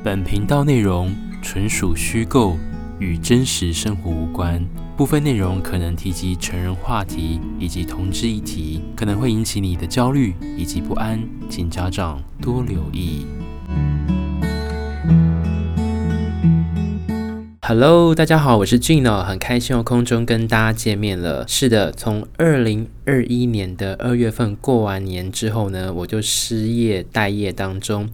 本頻道內容純屬虛構，與真實生活無關。部分內容可能提及成人話題以及同志議題，可能會引起你的焦慮以及不安，請家長多留意。Hello，大家好，我是 Gene，很開心又空中跟大家見面了。是的，從二零二一年的二月份過完年之後呢，我就失業待業當中。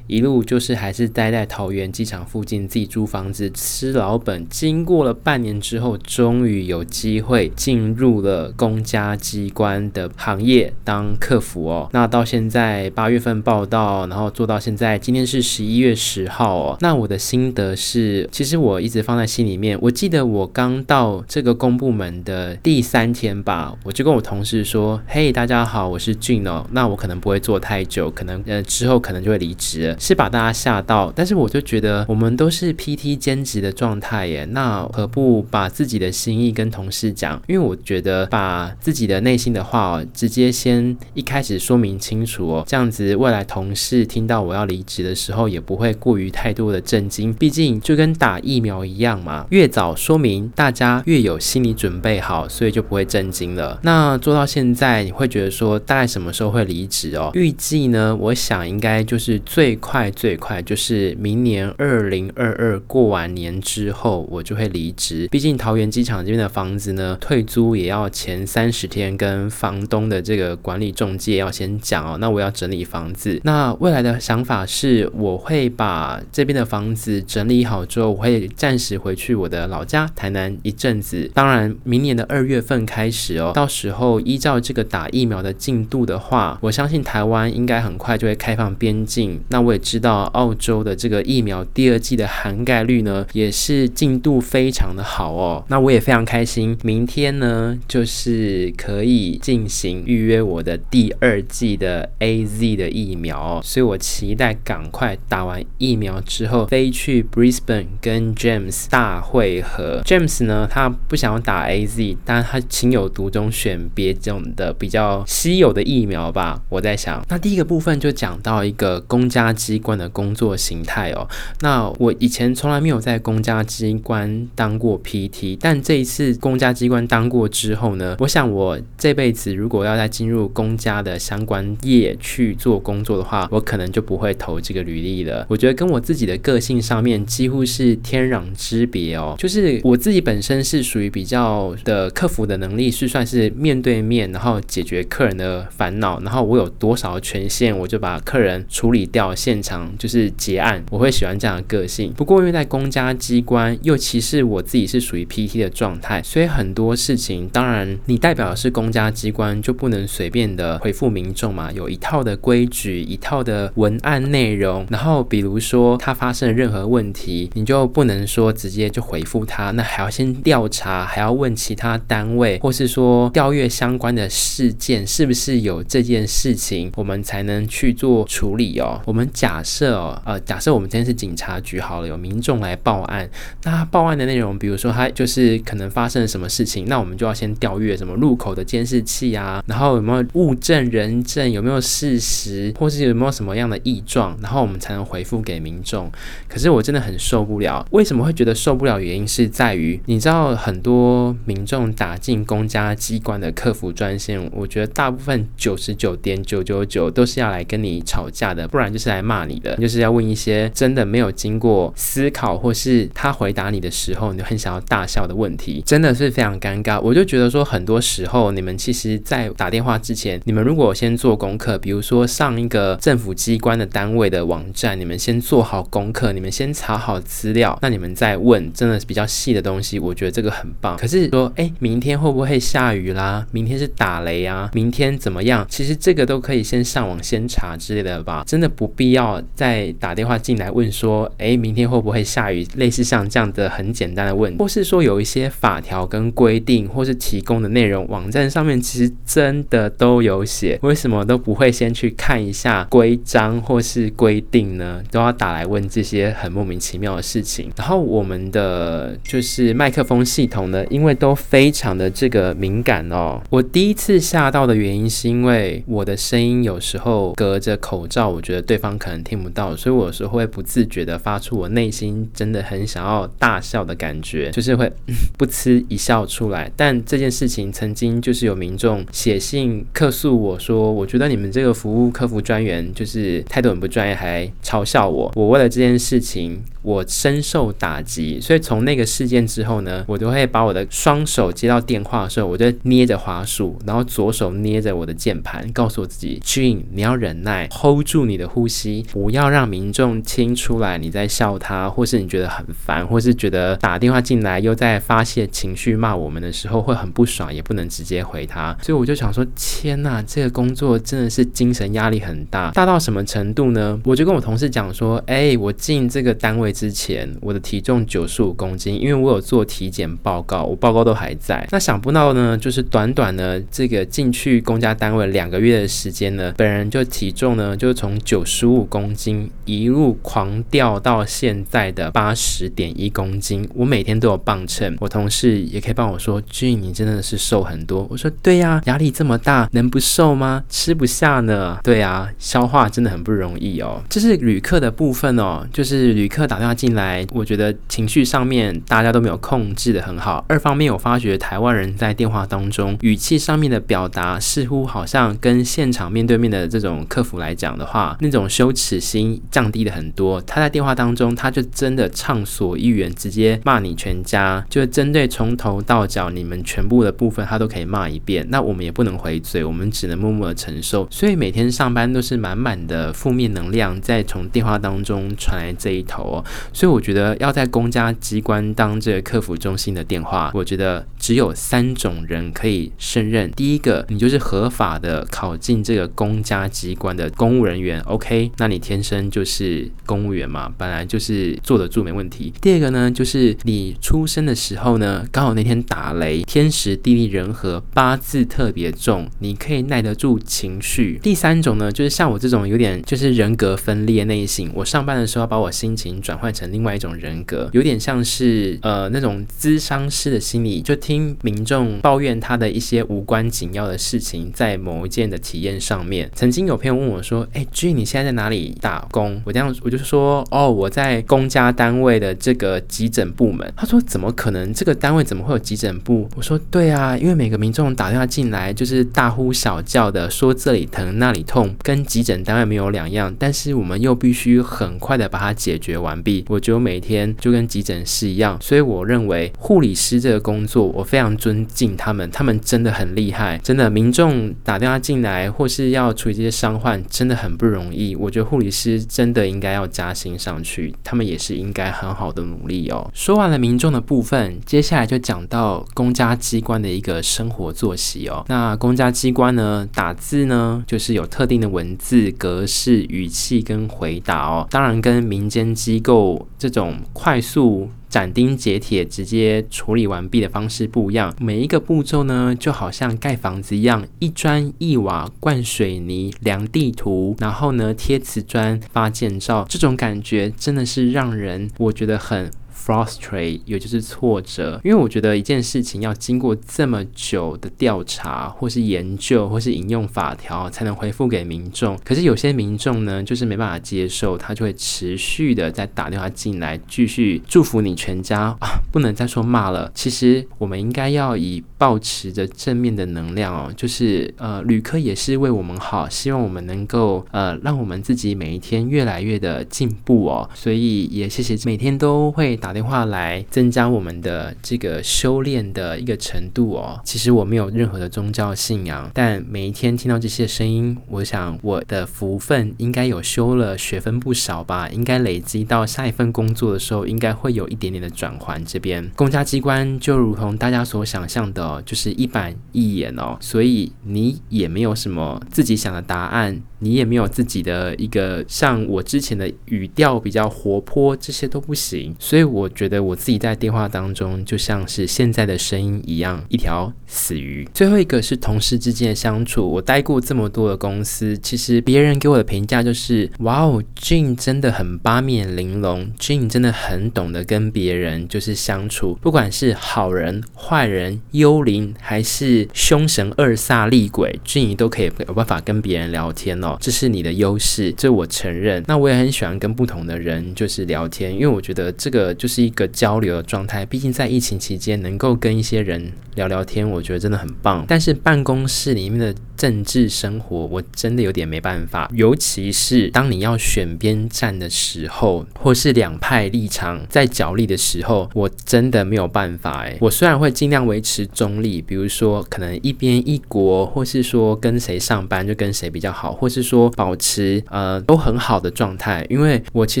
一路就是還是待在桃園機場附近自己租房子吃老本，經過了半年之後，終於有機會進入了公家機關的行業當客服哦。那到現在八月份報到，然後做到現在，今天是十一月十號哦。那我的心得是，其實我一直放在心裡面。我記得我剛到這個公部門的第三天吧，我就跟我同事說：“嘿，大家好，我是 Gene 哦。那我可能不會做太久，可能呃之後可能就會離職了。”是把大家嚇到，但是我就覺得我們都是 PT 兼職的狀態耶，那何不把自己的心意跟同事講？因為我覺得把自己的內心的話哦，直接先一開始說明清楚哦，這樣子未來同事聽到我要離職的時候，也不會過於太多的震驚。畢竟就跟打疫苗一樣嘛，越早說明大家越有心理準備好，所以就不會震驚了。那做到現在，你會覺得說大概什麼時候會離職哦？預計呢？我想應該就是最。快，最快就是明年二零二二過完年之後，我就會離職。畢竟桃園機場這邊的房子呢，退租也要前三十天跟房東的這個管理仲介要先講哦。那我要整理房子。那未來的想法是，我會把這邊的房子整理好之後，我會暫時回去我的老家台南一陣子。當然，明年的二月份開始哦，到時候依照這個打疫苗的進度的話，我相信台灣應該很快就會開放邊境。那我。知道澳洲的這個疫苗第二劑的涵蓋率呢，也是進度非常的好哦。那我也非常開心，明天呢就是可以進行預約我的第二劑的 AZ 的疫苗哦，所以我期待趕快打完疫苗之後飛去 Brisbane 跟 James 大會合。James 呢，他不想打 AZ，但他情有獨鍾選別種的比較稀有的疫苗吧。我在想，那第一個部分就講到一個公家。機關的工作形態哦，那我以前從來沒有在公家機關當過 PT，但這一次公家機關當過之後呢，我想我這輩子如果要再進入公家的相關業去做工作的話，我可能就不會投這個履歷了。我覺得跟我自己的個性上面幾乎是天壤之別哦，就是我自己本身是屬於比較的客服的能力是算是面對面，然後解決客人的煩惱，然後我有多少權限，我就把客人處理掉。現場就是結案，我會喜歡這樣的個性。不過，因為在公家機關，尤其是我自己是屬於 PT 的狀態，所以很多事情，當然你代表的是公家機關，就不能隨便的回復民眾嘛，有一套的規矩，一套的文案內容。然後，比如說他發生了任何問題，你就不能說直接就回復他，那還要先調查，還要問其他單位，或是說調閱相關的事件，是不是有這件事情，我們才能去做處理哦。我們。假設哦，呃，假設我們今天是警察局好了，有民眾來報案，那報案的內容，比如說他就是可能發生了什麼事情，那我們就要先調閱什麼路口的監視器啊，然後有沒有物證、人證，有沒有事實，或是有沒有什麼樣的異狀，然後我們才能回復給民眾。可是我真的很受不了，為什麼會覺得受不了？原因是在於，你知道很多民眾打進公家機關的客服專線，我覺得大部分九十九點九九九都是要來跟你吵架的，不然就是來。罵你的，就是要問一些真的沒有經過思考，或是他回答你的時候，你就很想要大笑的問題，真的是非常尷尬。我就覺得說，很多時候你們其實，在打電話之前，你們如果先做功課，比如說上一個政府機關的單位的網站，你們先做好功課，你們先查好資料，那你們再問，真的是比較細的東西，我覺得這個很棒。可是說，誒，明天會不會下雨啦？明天是打雷啊？明天怎麼樣？其實這個都可以先上網先查之類的吧，真的不必。要再打電話進來問說，哎，明天會不會下雨？類似像這樣的很簡單的問，或是說有一些法條跟規定，或是提供的內容，網站上面其實真的都有寫，為什麼都不會先去看一下規章或是規定呢？都要打來問這些很莫名其妙的事情。然後我們的就是麥克風系統呢，因為都非常的這個敏感哦。我第一次嚇到的原因是因為我的聲音有時候隔着口罩，我覺得對方。可能聽不到，所以我有時候會不自覺的發出我內心真的很想要大笑的感覺，就是會、嗯、噗哧一笑出來。但這件事情曾經就是有民眾寫信客訴我說，我覺得你們這個服務客服專員就是態度很不專業，還嘲笑我。我為了這件事情，我深受打擊。所以從那個事件之後呢，我都會把我的雙手接到電話的時候，我就捏着滑鼠，然後左手捏着我的鍵盤，告訴我自己 Gene，你要忍耐，hold 住你的呼吸。不要讓民眾聽出來你在笑他，或是你覺得很煩，或是覺得打電話進來又在發洩情緒罵我們的時候，會很不爽，也不能直接回他。所以我就想說，天哪，這個工作真的是精神壓力很大，大到什麼程度呢？我就跟我同事講說，欸，我進這個單位之前，我的體重九十五公斤，因為我有做體檢報告，我報告都還在。那想不到呢，就是短短的這個進去公家單位兩個月的時間呢，本人就體重呢就從九十五。公斤一路狂掉到現在的八十點一公斤，我每天都有磅秤，我同事也可以幫我說俊，你真的是瘦很多。我說對呀、啊，壓力這麼大能不瘦嗎？吃不下呢，對啊，消化真的很不容易哦。這是旅客的部分哦，就是旅客打電話進來，我覺得情緒上面大家都沒有控制得很好。二方面，我發覺台灣人在電話當中語氣上面的表達，似乎好像跟現場面對面的這種客服來講的話，那種修。此心降低了很多。他在電話當中，他就真的暢所欲言，直接罵你全家，就針對從頭到腳你們全部的部分，他都可以罵一遍。那我們也不能回嘴，我們只能默默的承受。所以每天上班都是滿滿的負面能量在從電話當中傳來這一頭。哦，所以我覺得要在公家機關當這個客服中心的電話，我覺得只有三種人可以勝任。第一個，你就是合法的考進這個公家機關的公務人員。OK，那你天生就是公務員嘛，本來就是坐得住沒問題。第二個呢，就是你出生的時候呢，剛好那天打雷，天時地利人和，八字特別重，你可以耐得住情緒。第三種呢，就是像我這種有點就是人格分裂類型，我上班的時候把我心情轉換成另外一種人格，有點像是呃那種諮商師的心理，就聽民眾抱怨他的一些無關緊要的事情，在某一件的體驗上面。曾經有朋友問我說：“哎、欸，Gene，你現在在哪裡？”哪裡打工？我這樣，我就說哦，我在公家單位的這個急診部門。他說怎麼可能？這個單位怎麼會有急診部？我說對啊，因為每個民眾打電話進來就是大呼小叫的，說這裡疼那裡痛，跟急診單位沒有兩樣。但是我們又必須很快的把它解決完畢。我覺得每天就跟急診室一樣。所以我認為護理師這個工作，我非常尊敬他們，他們真的很厲害。真的，民眾打電話進來或是要處理這些傷患，真的很不容易。我。覺得護理師真的應該要加薪上去，他們也是應該很好的努力哦。說完了民眾的部分，接下來就講到公家機關的一個生活作息哦。那公家機關呢，打字呢，就是有特定的文字格式、語氣跟回答哦。當然，跟民間機構這種快速。斬釘截鐵、直接處理完畢的方式不一樣，每一個步驟呢，就好像蓋房子一樣，一磚一瓦、灌水泥、量地圖，然後呢，貼瓷磚、發建造。這種感覺真的是讓人，我覺得很。frustrate，也就是挫折，因為我覺得一件事情要經過這麼久的調查，或是研究，或是引用法條，才能回復給民眾。可是有些民眾呢，就是沒辦法接受，他就會持續的在打電話進來，繼續祝福你全家啊，不能再說罵了。其實我們應該要以抱持着正面的能量哦，就是呃，旅客也是為我們好，希望我們能夠呃，讓我們自己每一天越來越的進步哦。所以也謝謝每天都會打電話話來增加我們的這個修煉的一個程度哦。其實我沒有任何的宗教信仰，但每一天聽到這些聲音，我想我的福分應該有修了學分不少吧。應該累積到下一份工作的時候，應該會有一點點的轉圜。這邊公家機關就如同大家所想象的，哦，就是一板一眼哦，所以你也沒有什麼自己想的答案，你也沒有自己的一個像我之前的語調比較活潑，這些都不行。所以我。我覺得我自己在電話當中就像是現在的聲音一樣，一條死魚。最後一個是同事之間的相處。我待過這麼多的公司，其實別人給我的評價就是：哇哦，Gene 真的很八面玲瓏，Gene 真的很懂得跟別人就是相處。不管是好人、壞人、幽靈，還是凶神惡煞、厲鬼，Gene 都可以有辦法跟別人聊天哦。這是你的優勢，這我承認。那我也很喜歡跟不同的人就是聊天，因為我覺得這個就是。是一個交流的狀態，畢竟在疫情期間能夠跟一些人聊聊天，我覺得真的很棒。但是辦公室裡面的。政治生活我真的有點沒辦法，尤其是當你要選邊站的時候，或是兩派立場在角力的時候，我真的沒有辦法、欸。哎，我雖然會盡量維持中立，比如說可能一邊一國，或是說跟誰上班就跟誰比較好，或是說保持呃都很好的狀態，因為我其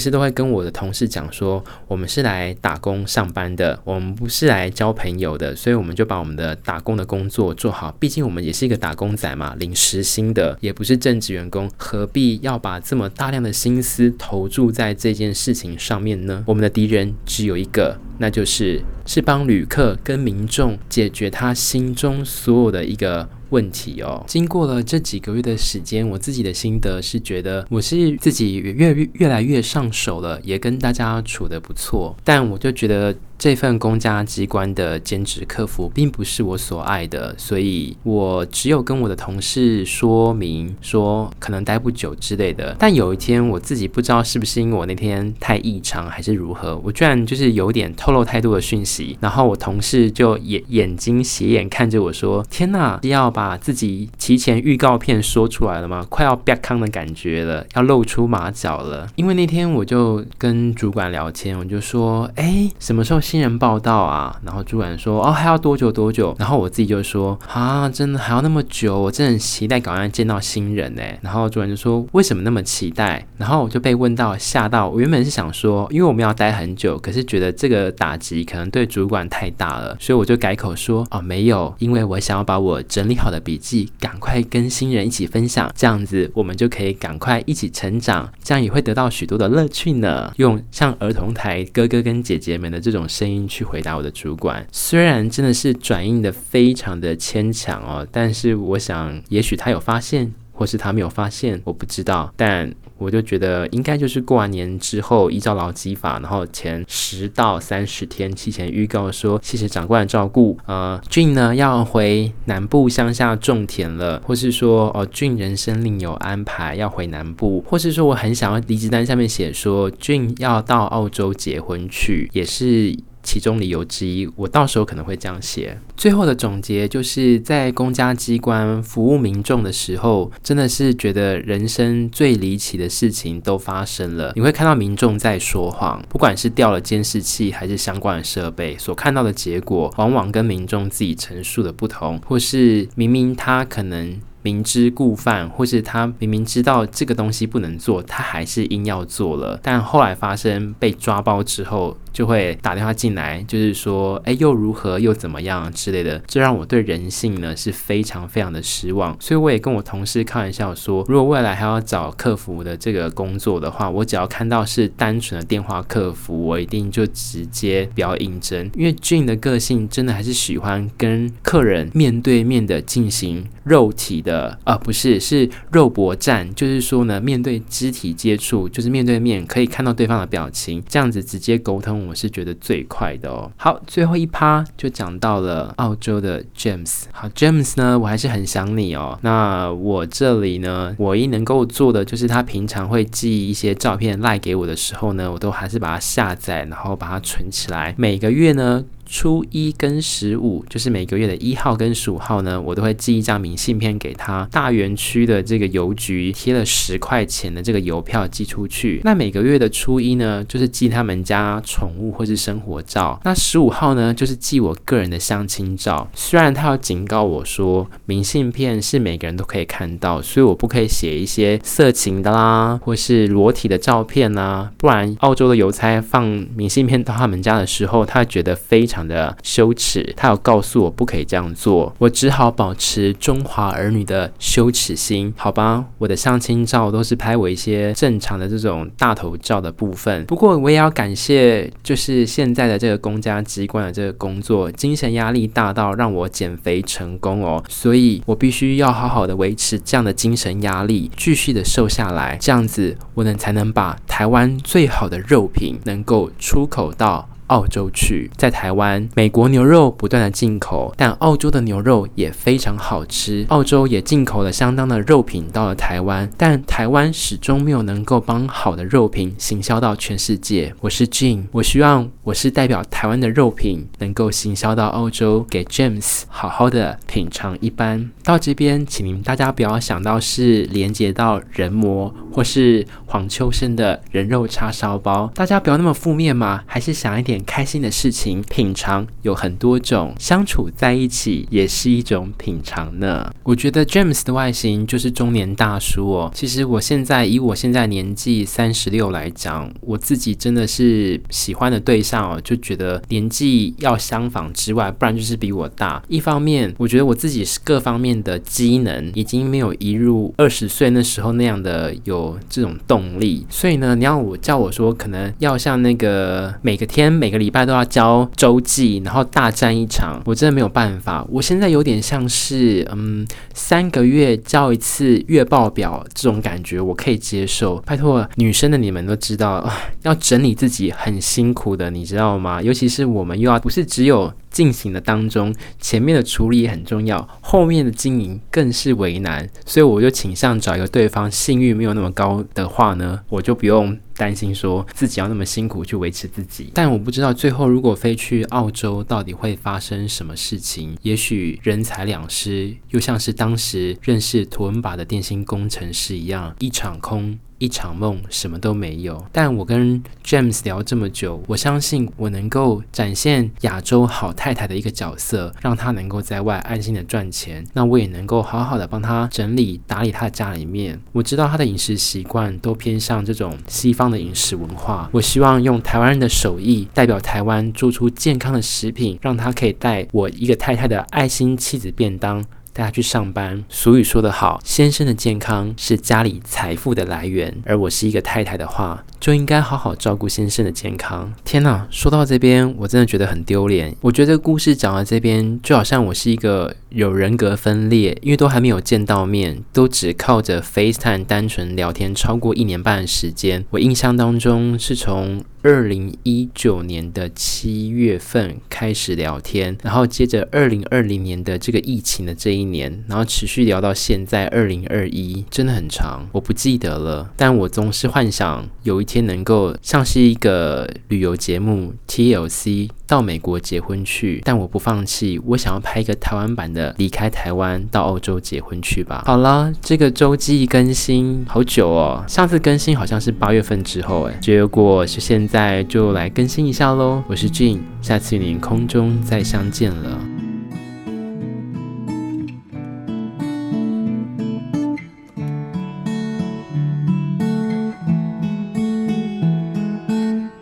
實都會跟我的同事講說，我們是來打工上班的，我們不是來交朋友的，所以我們就把我們的打工的工作做好，畢竟我們也是一個打工仔嘛。啊，臨時性的也不是正職員工，何必要把這麼大量的心思投注在這件事情上面呢？我們的敵人只有一個，那就是是幫旅客跟民眾解決他心中所有的一個問題哦。經過了這幾個月的時間，我自己的心得是覺得我是自己越越來越上手了，也跟大家處得不錯，但我就覺得。這份公家機關的兼職客服並不是我所愛的，所以我只有跟我的同事說明說可能待不久之類的。但有一天，我自己不知道是不是因為我那天太異常還是如何，我居然就是有點透露太多的訊息。然後我同事就眼眼睛斜眼看着我說：“天哪，要把自己提前預告片說出來了嗎？快要癟坑的感覺了，要露出馬腳了。”因為那天我就跟主管聊天，我就說：“哎，什麼時候？”新人報到啊，然後主管說，哦，還要多久多久，然後我自己就說，啊，真的還要那麼久，我真的很期待趕快見到新人呢。然後主管就說，為什麼那麼期待？然後我就被問到嚇到。我原本是想說，因為我們要待很久，可是覺得這個打擊可能對主管太大了，所以我就改口說，哦，沒有，因為我想要把我整理好的筆記趕快跟新人一起分享，這樣子我們就可以趕快一起成長，這樣也會得到許多的樂趣呢。用像兒童台哥哥跟姐姐們的這種。聲音去回答我的主管，雖然真的是轉印的非常的牽強哦，但是我想，也許他有發現，或是他沒有發現，我不知道，但。我就覺得應該就是過完年之後，依照勞基法，然後前十到三十天提前預告說，謝謝長官的照顧。呃，Gene 呢要回南部鄉下種田了，或是說哦，Gene 人生另有安排要回南部，或是說我很想要離職單下面寫說，Gene 要到澳洲結婚去，也是。其中理由之一，我到時候可能會這樣寫。最後的總結就是在公家機關服務民眾的時候，真的是覺得人生最離奇的事情都發生了。你會看到民眾在說謊，不管是掉了監視器還是相關的設備，所看到的結果往往跟民眾自己陳述的不同，或是明明他可能明知故犯，或是他明明知道這個東西不能做，他還是硬要做了，但後來發生被抓包之後。就會打電話進來，就是說，哎，又如何，又怎麼樣之類的，這讓我對人性呢是非常非常的失望。所以我也跟我同事開玩笑說，如果未來還要找客服的這個工作的話，我只要看到是單純的電話客服，我一定就直接不要應徵，因為俊的個性真的還是喜歡跟客人面對面的進行肉體的啊，不是，是肉搏戰，就是說呢，面對肢體接觸，就是面對面可以看到對方的表情，這樣子直接溝通。我是覺得最快的哦。好，最後一趴就講到了澳洲的 James 好。好，James 呢，我還是很想你哦。那我這裡呢，唯一能夠做的就是他平常會寄一些照片賴、like、給我的時候呢，我都還是把它下載，然後把它存起來。每個月呢。初一跟十五，就是每個月的一號跟十五號呢，我都會寄一張明信片給他，大園區的這個郵局貼了十塊錢的這個郵票寄出去。那每個月的初一呢，就是寄他們家寵物或是生活照；那十五號呢，就是寄我個人的相親照。雖然他要警告我說，明信片是每個人都可以看到，所以我不可以寫一些色情的啦，或是裸體的照片啊。不然澳洲的郵差放明信片到他們家的時候，他覺得非常。的羞恥，他有告訴我不可以這樣做，我只好保持中華兒女的羞恥心，好吧？我的相親照都是拍我一些正常的這種大頭照的部分，不過我也要感謝，就是現在的這個公家機關的這個工作，精神壓力大到讓我減肥成功哦，所以我必須要好好的維持這樣的精神壓力，繼續的瘦下來，這樣子我們才能把台灣最好的肉品能夠出口到。澳洲去，在台灣，美國牛肉不斷的進口，但澳洲的牛肉也非常好吃。澳洲也進口了相當的肉品到了台灣，但台灣始終沒有能夠幫好的肉品行銷到全世界。我是 Gene，我希望我是代表台灣的肉品能夠行銷到澳洲，給 James 好好的品嘗一番。到這邊，請大家不要想到是連接到人魔。或是黃秋生的人肉叉燒包，大家不要那麼負面嘛，還是想一點開心的事情。品嘗有很多種，相處在一起也是一種品嘗呢。我覺得 James 的外形就是中年大叔哦。其實我現在，以我現在年紀三十六來講，我自己真的是喜歡的對象哦，就覺得年紀要相仿之外，不然就是比我大。一方面，我覺得我自己是各方面的機能已經沒有一如二十歲那時候那樣的有，這種動力，所以呢，你要我叫我說，可能要像那個，每個天每個禮拜都要交週記，然後大戰一場，我真的沒有辦法。我現在有點像是，嗯，三個月交一次月報表這種感覺，我可以接受。拜託，女生的你們都知道，啊，要整理自己很辛苦的，你知道嗎？尤其是我們又要不是只有。進行的當中，前面的處理很重要，後面的經營更是為難，所以我就傾向找一個對方信譽沒有那麼高的話呢，我就不用擔心說自己要那麼辛苦去維持自己。但我不知道最後如果飛去澳洲，到底會發生什麼事情，也許人財兩失，又像是當時認識圖文把的電信工程師一樣，一場空。一場夢，什麼都沒有。但我跟 James 聊這麼久，我相信我能夠展現亞洲好太太的一個角色，讓他能夠在外安心的賺錢，那我也能夠好好的幫他整理打理他的家裡面。我知道他的飲食習慣都偏向這種西方的飲食文化，我希望用台灣人的手藝代表台灣做出健康的食品，讓他可以帶我一個太太的愛心妻子便當。帶他去上班。俗語說得好：“先生的健康是家裡財富的來源。”而我是一個太太的話。就應該好好照顧先生的健康。天哪，說到這邊，我真的覺得很丟臉。我覺得故事講到這邊，就好像我是一個有人格分裂，因為都還沒有見到面，都只靠着 FaceTime 單純聊天超過一年半的時間。我印象當中是從二零一九年的七月份開始聊天，然後接着二零二零年的這個疫情的這一年，然後持續聊到現在二零二一，真的很長，我不記得了。但我總是幻想有一天。先能夠像是一個旅遊節目 TLC 到美國結婚去，但我不放棄，我想要拍一個台灣版的離開台灣到澳洲結婚去吧。好了，這個周記更新好久哦，上次更新好像是八月份之後哎，結果是現在就來更新一下嘍。我是 Gene，下次與您空中再相見了。